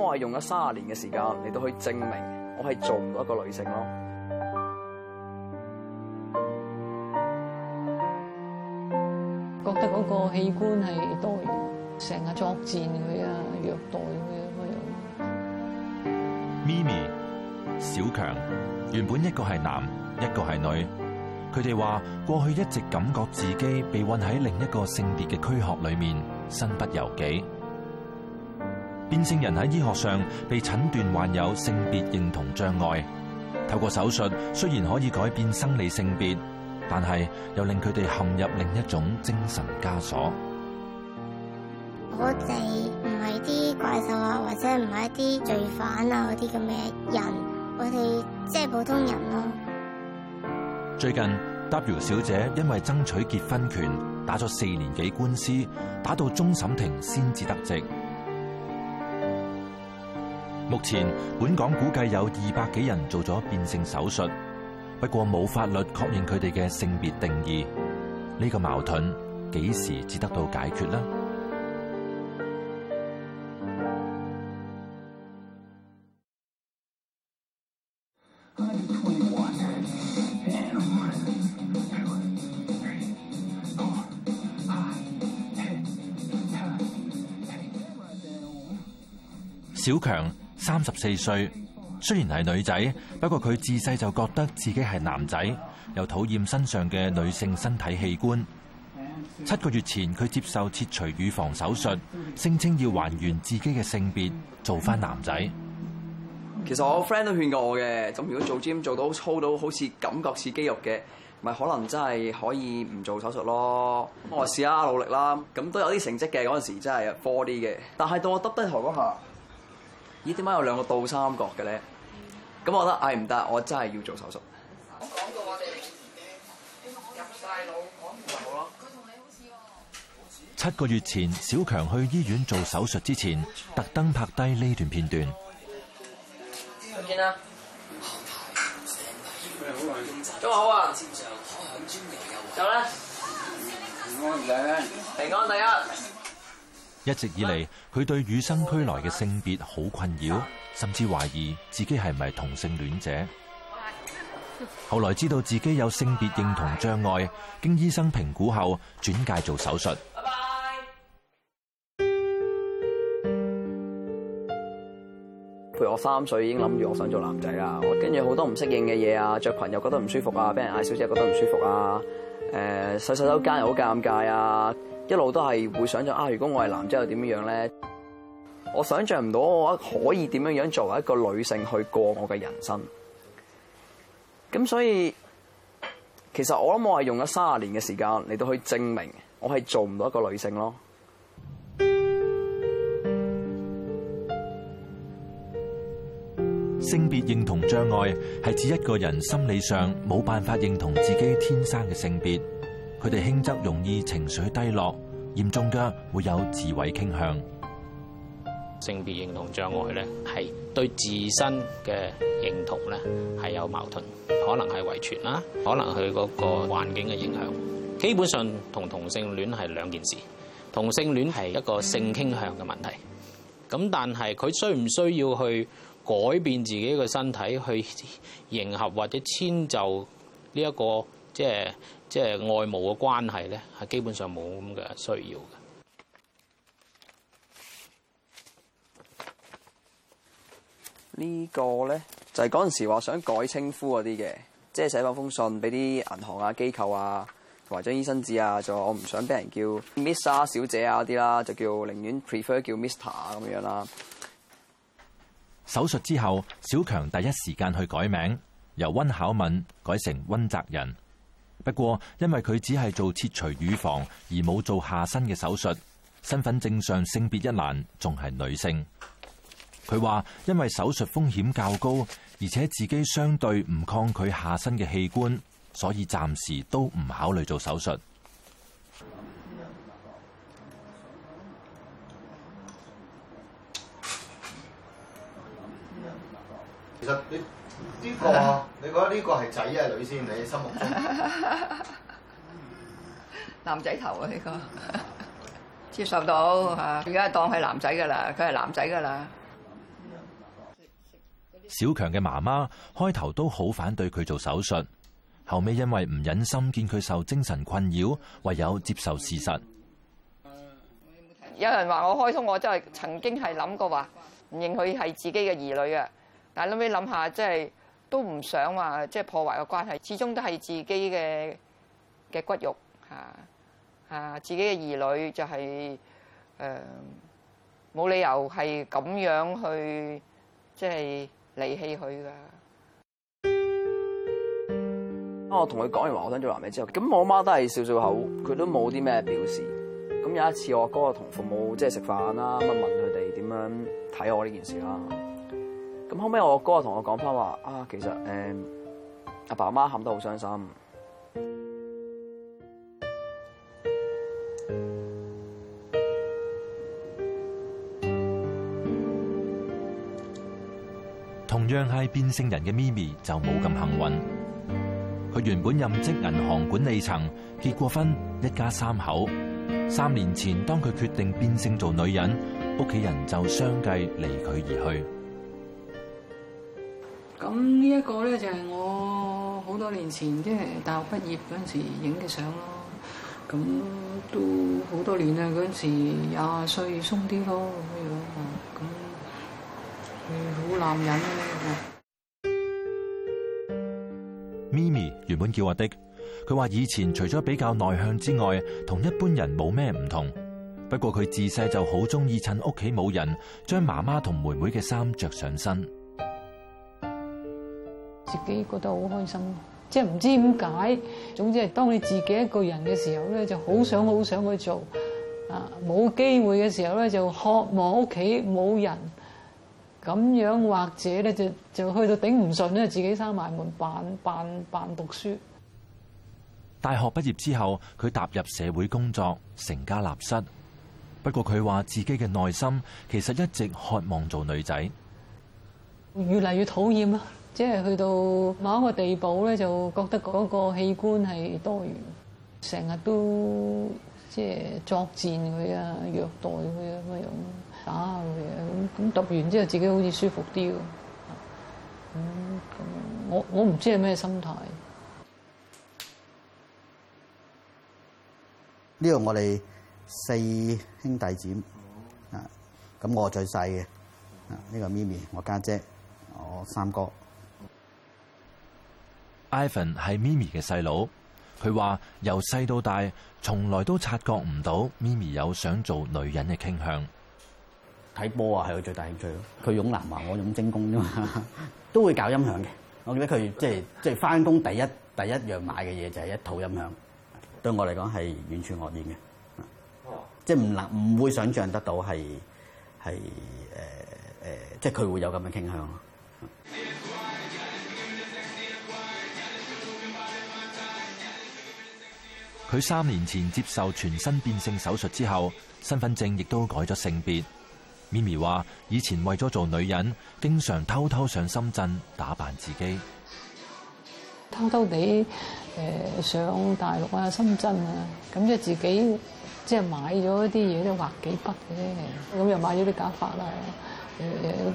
我係用咗三十年嘅時間你都可以證明。我係做唔到一個女性咯。覺得嗰個器官係多餘，成日作戰佢啊，虐待佢啊咁樣。咪咪、小強原本一個係男，一個係女。佢哋話過去一直感覺自己被困喺另一個性別嘅軀殼裡面，身不由己。變性人喺醫學上被診斷患有性別認同障礙。透過手術，雖然可以改變生理性別，但係又令佢哋陷入另一種精神枷鎖。我哋唔係啲怪獸啊，或者唔係啲罪犯啊，嗰啲咁嘅人，我哋即係普通人咯。最近，W 小姐因為爭取結婚權，打咗四年幾官司，打到終審庭先至得直。目前，本港估計有二百幾人做咗變性手術，不過冇法律確認佢哋嘅性別定義。呢個矛盾幾時至得到解決呢？小強。三十四歲，雖然係女仔，不過佢自細就覺得自己係男仔，又討厭身上嘅女性身體器官。七個月前，佢接受切除乳房手術，聲稱要還原自己嘅性別，做翻男仔。其實我 friend 都勸過我嘅，咁如果做 gym 做到操到好似感覺似肌肉嘅，咪可能真係可以唔做手術咯。我試下努力啦，咁都有啲成績嘅嗰陣時，真係科啲嘅。但係到我耷低頭嗰下。咦，點解有兩個倒三角嘅咧？咁我覺得係唔得，我真係要做手術。七個月前，小強去醫院做手術之前，特登拍低呢段片段。點算啊？都好啊。走啦！平安第一。一直以嚟，佢對與生俱來嘅性別好困擾，甚至懷疑自己係唔係同性戀者。後來知道自己有性別認同障礙，經醫生評估後轉介做手術。陪我三歲已經諗住我想做男仔啦，跟住好多唔適應嘅嘢啊，着裙又覺得唔舒服啊，俾人嗌小姐覺得唔舒服啊，誒、呃，洗手間又好尷尬啊。一路都係會想象啊！如果我係男仔又點樣呢？我想象唔到我可以點樣樣作為一個女性去過我嘅人生。咁所以，其實我諗我係用咗三十年嘅時間嚟到去證明我係做唔到一個女性咯。性別認同障礙係指一個人心理上冇辦法認同自己天生嘅性別。佢哋輕則容易情緒低落，嚴重嘅會有自毀傾向。性別認同障礙咧，係對自身嘅認同咧係有矛盾，可能係遺傳啦，可能佢嗰個環境嘅影響，基本上同同性戀係兩件事。同性戀係一個性傾向嘅問題，咁但係佢需唔需要去改變自己嘅身體去迎合或者遷就呢一個？即係即係外務嘅關係咧，係基本上冇咁嘅需要嘅。呢個咧就係嗰陣時話想改稱呼嗰啲嘅，即係寫返封信俾啲銀行啊、機構啊、或者醫生紙啊，就話我唔想俾人叫 Miss 啊小姐啊啲啦，就叫寧願 prefer 叫 Mister 咁樣啦。手術之後，小強第一時間去改名，由温巧敏改成温澤仁。不過，因為佢只係做切除乳房而冇做下身嘅手術，身份證上性別一欄仲係女性。佢話因為手術風險較高，而且自己相對唔抗拒下身嘅器官，所以暫時都唔考慮做手術。呢個你覺得呢個係仔呀女先？你心目中男仔頭啊！呢個接受到吓，而家當係男仔㗎啦，佢係男仔㗎啦。小強嘅媽媽開頭都好反對佢做手術，後尾因為唔忍心見佢受精神困擾，唯有接受事實。有人話我開通，我真係曾經係諗過話唔認佢係自己嘅兒女嘅。但諗起諗下，即係都唔想話即係破壞個關係，始終都係自己嘅嘅骨肉嚇嚇、啊啊，自己嘅兒女就係誒冇理由係咁樣去即係離棄佢噶。我同佢講完話，我想做話尾之後，咁我媽少少都係笑笑口，佢都冇啲咩表示。咁有一次我哥哥，我阿哥同父母即係食飯啦，問問佢哋點樣睇我呢件事啦。咁後尾我哥同我講翻話啊，其實誒阿爸阿媽喊得好傷心。同樣係變性人嘅咪咪就冇咁幸運，佢原本任職銀行管理層，結過婚，一家三口。三年前，當佢決定變性做女人，屋企人就相繼離佢而去。咁呢一個咧就係我好多年前即係、就是、大學畢業嗰陣時影嘅相咯，咁都好多年啦，嗰陣時廿歲鬆，鬆啲咯，咁樣咁好男人嘅。咪咪原本叫阿迪，佢話以前除咗比較內向之外，同一般人冇咩唔同。不過佢自細就好中意趁屋企冇人，將媽媽同妹妹嘅衫着上身。自己覺得好開心，即係唔知點解。總之係當你自己一個人嘅時候咧，就好想好想去做。啊，冇機會嘅時候咧，就渴望屋企冇人咁樣，或者咧就就去到頂唔順咧，自己閂埋門扮扮扮讀書。大學畢業之後，佢踏入社會工作，成家立室。不過佢話自己嘅內心其實一直渴望做女仔，越嚟越討厭啊！即係去到某一個地步咧，就覺得嗰個器官係多餘，成日都即係作戰佢啊，虐待佢啊咁樣，打佢啊咁咁，揼完之後自己好似舒服啲咁、嗯。我我唔知係咩心態。呢個我哋四兄弟姊妹啊，咁我最細嘅。呢個咪咪我家姐，我三哥。Ivan 係 Mimi 嘅細佬，佢話由細到大，從來都察覺唔到 Mimi 有想做女人嘅傾向。睇波啊，係佢最大興趣咯。佢勇南話我用精工啫嘛， 都會搞音響嘅。我記得佢即係即係翻工第一第一樣買嘅嘢就係一套音響。對我嚟講係完全愕然嘅，即係唔能唔會想象得到係係誒誒，即係佢會有咁嘅傾向。佢三年前接受全身變性手術之後，身份證亦都改咗性別。咪咪話以前為咗做女人，經常偷偷上深圳打扮自己，偷偷哋誒、呃、上大陸啊、深圳啊，咁即係自己即係買咗一啲嘢都畫幾筆嘅，咁又買咗啲假髮啦，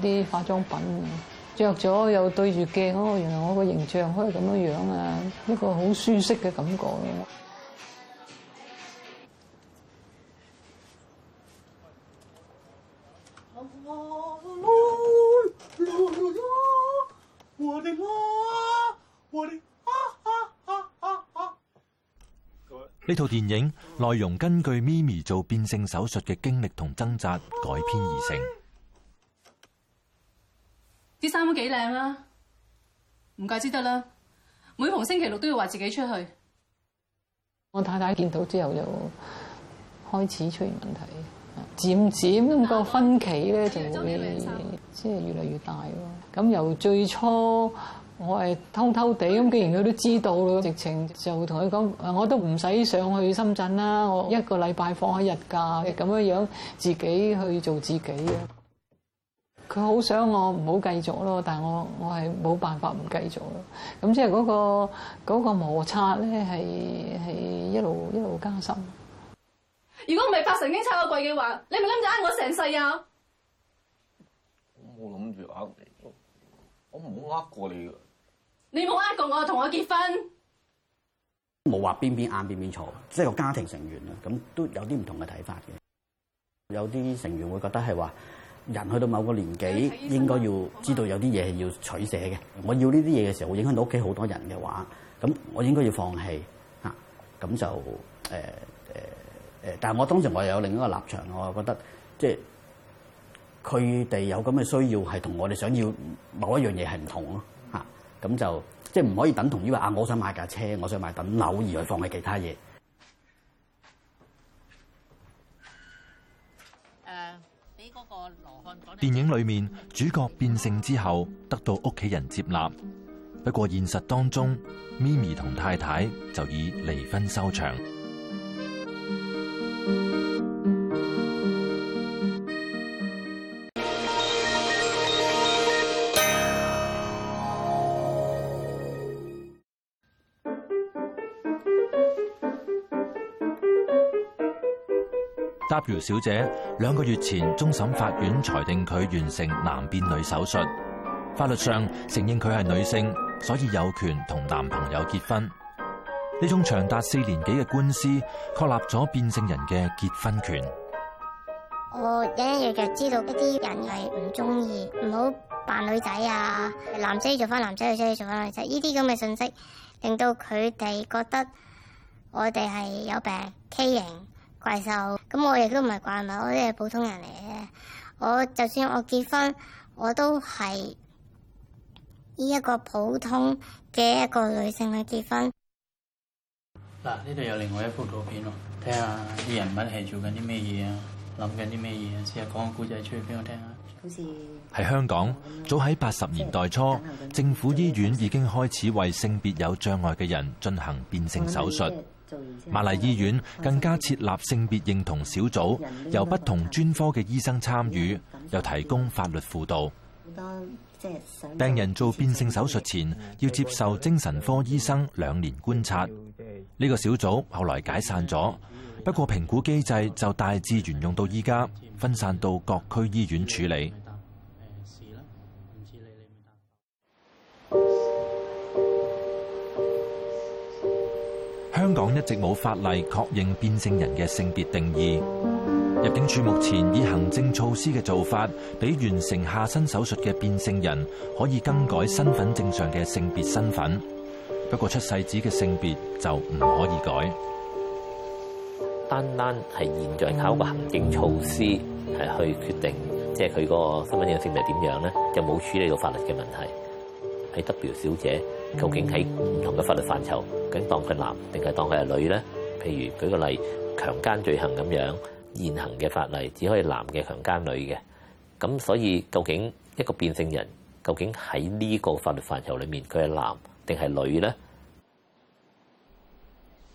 誒誒啲化妝品，着咗又對住鏡哦，原來我個形象可以咁樣樣啊，一個好舒適嘅感覺。呢套電影、嗯、內容根據咪咪做變性手術嘅經歷同掙扎改編而成。啲衫、哎、都幾靚啦，唔怪之得啦。每逢星期六都要話自己出去。我太太見到之後就開始出現問題。漸漸咁個分歧咧，就會即係越嚟越大咯。咁由最初我係偷偷地咁，既然佢都知道啦，直情就同佢講：誒，我都唔使上去深圳啦，我一個禮拜放一日假咁樣樣，自己去做自己嘅。佢好想我唔好繼續咯，但係我我係冇辦法唔繼續咯。咁即係嗰個嗰個摩擦咧，係係一路一路加深。如果唔係發神經拆我櫃嘅話，你咪諗住呃我成世啊！我冇諗住呃你，我唔好呃過你。你冇呃過我，同我結婚。冇話邊邊硬邊邊錯，即係個家庭成員啊，咁都有啲唔同嘅睇法嘅。有啲成員會覺得係話，人去到某個年紀應該要知道有啲嘢係要取捨嘅。我要呢啲嘢嘅時候會影響到屋企好多人嘅話，咁我應該要放棄啊。咁就誒。呃誒，但係我當時我有另一個立場，我話覺得即係佢哋有咁嘅需要，係同我哋想要某一樣嘢係唔同咯嚇，咁就即係唔可以等同於話啊，我想買架車，我想買棟樓而放棄其他嘢。誒、呃，俾嗰個羅漢電影裏面給主角變性之後得到屋企人接納，不過現實當中，咪咪同太太就以離婚收場。嗯嗯嗯嗯嗯嗯 W 小姐兩個月前，終審法院裁定佢完成男變女手術。法律上承認佢係女性，所以有權同男朋友結婚。呢種長達四年幾嘅官司，確立咗變性人嘅結婚權。我隱隱約約知道一啲人係唔中意，唔好扮女仔啊，男仔做翻男仔，女仔做翻女仔。呢啲咁嘅信息，令到佢哋覺得我哋係有病、畸形。K 型怪獸，咁我亦都唔係怪物，我哋係普通人嚟嘅。我就算我結婚，我都係以一個普通嘅一個女性去結婚。嗱，呢度有另外一幅圖片喎，睇下啲人物係做緊啲咩嘢啊，諗緊啲咩嘢啊？試下講個故仔出嚟俾我聽啊。好似係香港，早喺八十年代初，政府醫院已經開始為性別有障礙嘅人進行變性手術。瑪麗醫院更加設立性別認同小組，由不同專科嘅醫生參與，又提供法律輔導。病人做變性手術前要接受精神科醫生兩年觀察。呢個小組後來解散咗，不過評估機制就大致沿用到依家，分散到各區醫院處理。香港一直冇法例確認變性人嘅性別定義。入境處目前以行政措施嘅做法，俾完成下身手術嘅變性人可以更改身份證上嘅性別身份，不過出世紙嘅性別就唔可以改。單單係現在靠個行政措施係去決定，即係佢個身份證嘅性別點樣咧，就冇處理到法律嘅問題。喺 W 小姐。究竟喺唔同嘅法律範疇，究竟當佢男定係當佢係女咧？譬如舉個例，強姦罪行咁樣現行嘅法例，只可以男嘅強姦女嘅。咁所以，究竟一個變性人究竟喺呢個法律範疇裏面，佢係男定係女咧？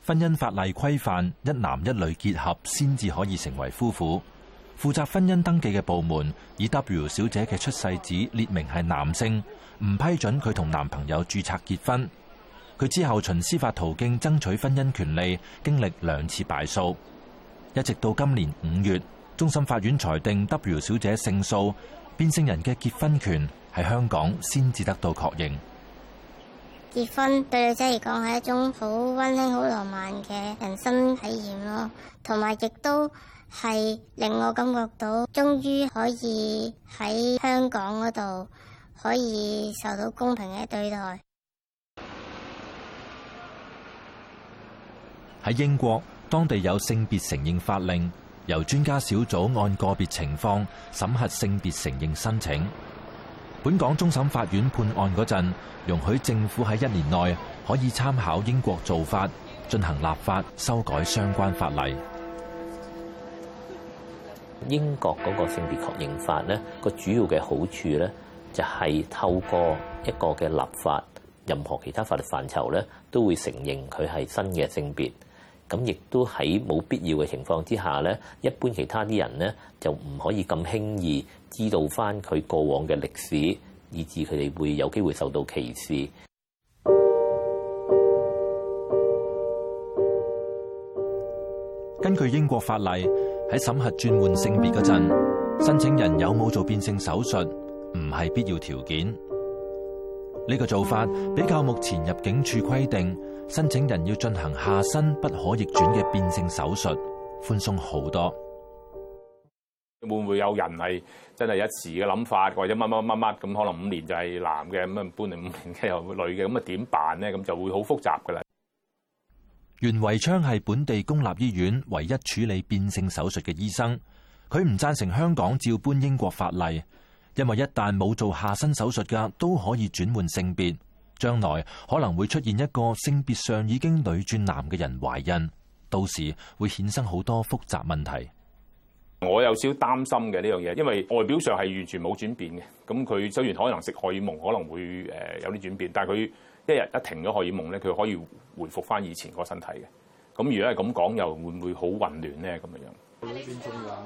婚姻法例規範一男一女結合先至可以成為夫婦。負責婚姻登記嘅部門以 W 小姐嘅出世紙列明係男性，唔批准佢同男朋友註冊結婚。佢之後循司法途徑爭取婚姻權利，經歷兩次敗訴，一直到今年五月，終審法院裁定 W 小姐勝訴，變性人嘅結婚權喺香港先至得到確認。結婚對女仔嚟講係一種好溫馨、好浪漫嘅人生體驗咯，同埋亦都係令我感覺到終於可以喺香港嗰度可以受到公平嘅對待。喺英國，當地有性別承認法令，由專家小組按個別情況審核性別承認申請。本港終審法院判案嗰陣，容許政府喺一年內可以參考英國做法進行立法修改相關法例。英國嗰個性別確認法咧，個主要嘅好處咧，就係透過一個嘅立法，任何其他法律範疇咧，都會承認佢係新嘅性別。咁亦都喺冇必要嘅情況之下咧，一般其他啲人咧就唔可以咁輕易知道翻佢過往嘅歷史，以至佢哋會有機會受到歧視。根據英國法例，喺審核轉換性別嗰陣，申請人有冇做變性手術唔係必要條件。呢個做法比較目前入境處規定。申請人要進行下身不可逆轉嘅變性手術，寬鬆好多。會唔會有人係真係一時嘅諗法，或者乜乜乜乜咁？可能五年就係男嘅咁樣，搬嚟五年嘅又女嘅咁啊？點辦呢？咁就會好複雜噶啦。袁維昌係本地公立醫院唯一處理變性手術嘅醫生，佢唔贊成香港照搬英國法例，因為一旦冇做下身手術噶，都可以轉換性別。將來可能會出現一個性別上已經女轉男嘅人懷孕，到時會衍生好多複雜問題。我有少擔心嘅呢樣嘢，因為外表上係完全冇轉變嘅。咁佢雖然可能食荷爾蒙可能會誒有啲轉變，但係佢一日一停咗荷爾蒙咧，佢可以回復翻以前嗰個身體嘅。咁如果係咁講，又會唔會好混亂咧？咁樣樣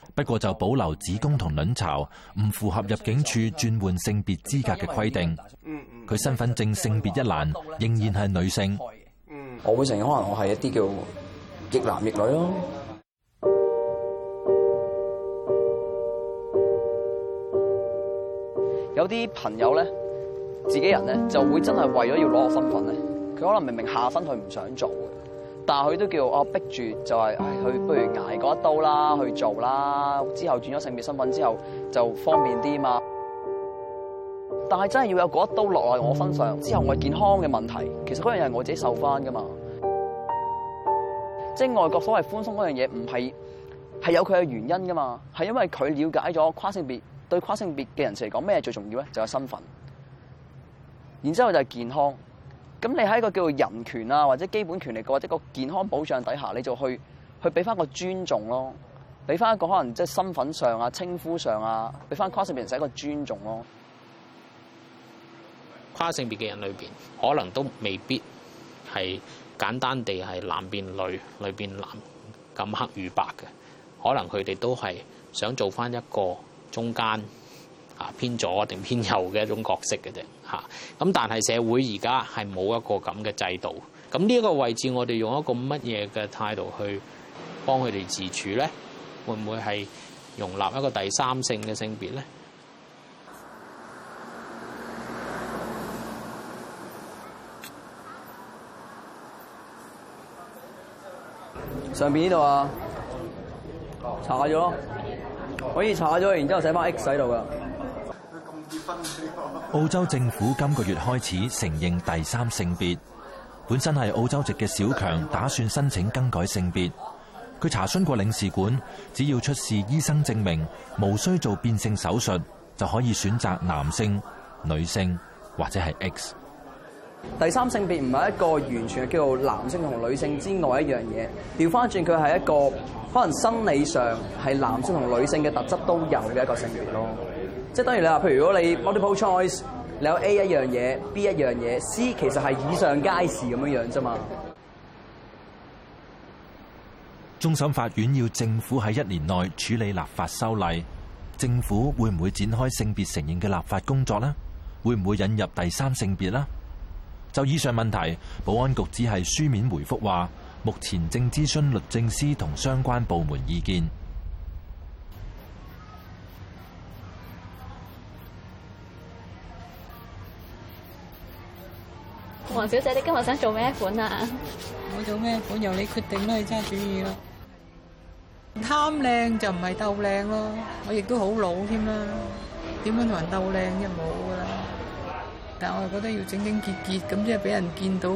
不過就保留子宮同卵巢，唔符合入境處轉換性別資格嘅規定。佢身份證性別一欄仍然係女性。我會承認，可能我係一啲叫亦男亦女咯。有啲朋友咧，自己人咧，就會真係為咗要攞個身份咧，佢可能明明下身佢唔想做。但佢都叫我逼住、就係，就係去不如挨嗰一刀啦，去做啦。之後轉咗性別身份之後，就方便啲嘛。但係真係要有嗰一刀落喺我身上，之後我係健康嘅問題。其實嗰樣嘢我自己受翻噶嘛。即係外國所謂寬鬆嗰樣嘢，唔係係有佢嘅原因噶嘛？係因為佢了解咗跨性別對跨性別嘅人士嚟講，咩最重要咧？就係、係、身份。然之後就係健康。咁你喺一個叫做人權啊，或者基本權利，或者個健康保障底下，你就去去俾翻個尊重咯，俾翻一個可能即係身份上啊、稱呼上啊，俾翻跨性別人士一個尊重咯。跨性別嘅人裏邊，可能都未必係簡單地係男變女、女變男咁黑與白嘅，可能佢哋都係想做翻一個中間啊，偏左定偏右嘅一種角色嘅啫。吓！咁但係社會而家係冇一個咁嘅制度，咁呢一個位置我哋用一個乜嘢嘅態度去幫佢哋自處咧？會唔會係容納一個第三性嘅性別咧？上邊呢度啊，查咗，可以查咗，然之後寫翻 X 喺度㗎。澳洲政府今個月開始承認第三性別。本身係澳洲籍嘅小強打算申請更改性別。佢查詢過領事館，只要出示醫生證明，無需做變性手術，就可以選擇男性、女性或者係 X。第三性別唔係一個完全係叫做男性同女性之外一樣嘢，調翻轉佢係一個可能生理上係男性同女性嘅特質都有嘅一個性別咯。即係當然，你話，譬如如果你 multiple choice，你有 A 一樣嘢，B 一樣嘢，C 其實係以上皆是咁樣樣啫嘛。終審法院要政府喺一年內處理立法修例，政府會唔會展開性別承認嘅立法工作呢？會唔會引入第三性別呢？就以上問題，保安局只係書面回覆話，目前正諮詢律政司同相關部門意見。黃小姐，你今日想做咩款啊？我做咩款由你決定啦，你揸主意咯。貪靚就唔係鬥靚咯，我亦都好老添啦。點樣同人鬥靚啫，冇噶啦。但我又覺得要整整潔潔咁，即係俾人見到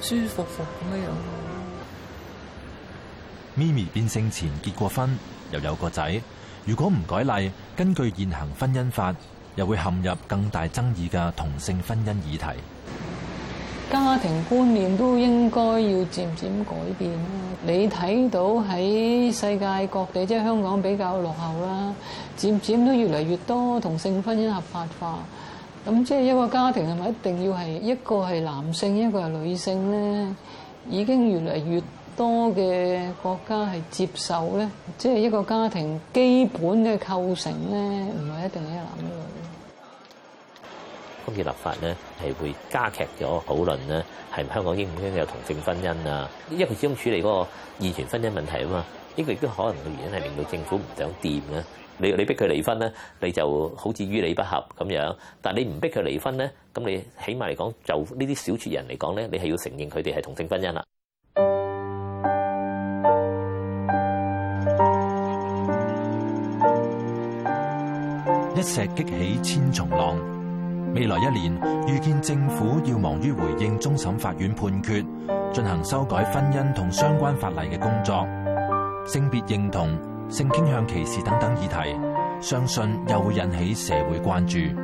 舒服服咁樣。嗯、咪咪變性前結過婚，又有個仔。如果唔改例，根據現行婚姻法，又會陷入更大爭議嘅同性婚姻議題。家庭觀念都應該要漸漸改變啦。你睇到喺世界各地，即係香港比較落後啦，漸漸都越嚟越多同性婚姻合法化。咁即係一個家庭係咪一定要係一個係男性，一個係女性咧？已經越嚟越多嘅國家係接受咧，即係一個家庭基本嘅構成咧，唔係一定係一男一女。今次立法咧係會加劇咗討論咧，係唔香港應唔應有同性婚姻啊？因為佢始終處理嗰個異權婚姻問題啊嘛，呢個亦都可能嘅原因係令到政府唔想掂啊！你你逼佢離婚咧，你就好似於理不合咁樣；但你唔逼佢離婚咧，咁你起碼嚟講，就這些撮呢啲小撮人嚟講咧，你係要承認佢哋係同性婚姻啦。一石激起千重浪。未來一年，預見政府要忙於回應終審法院判決，進行修改婚姻同相關法例嘅工作，性別認同、性傾向歧視等等議題，相信又會引起社會關注。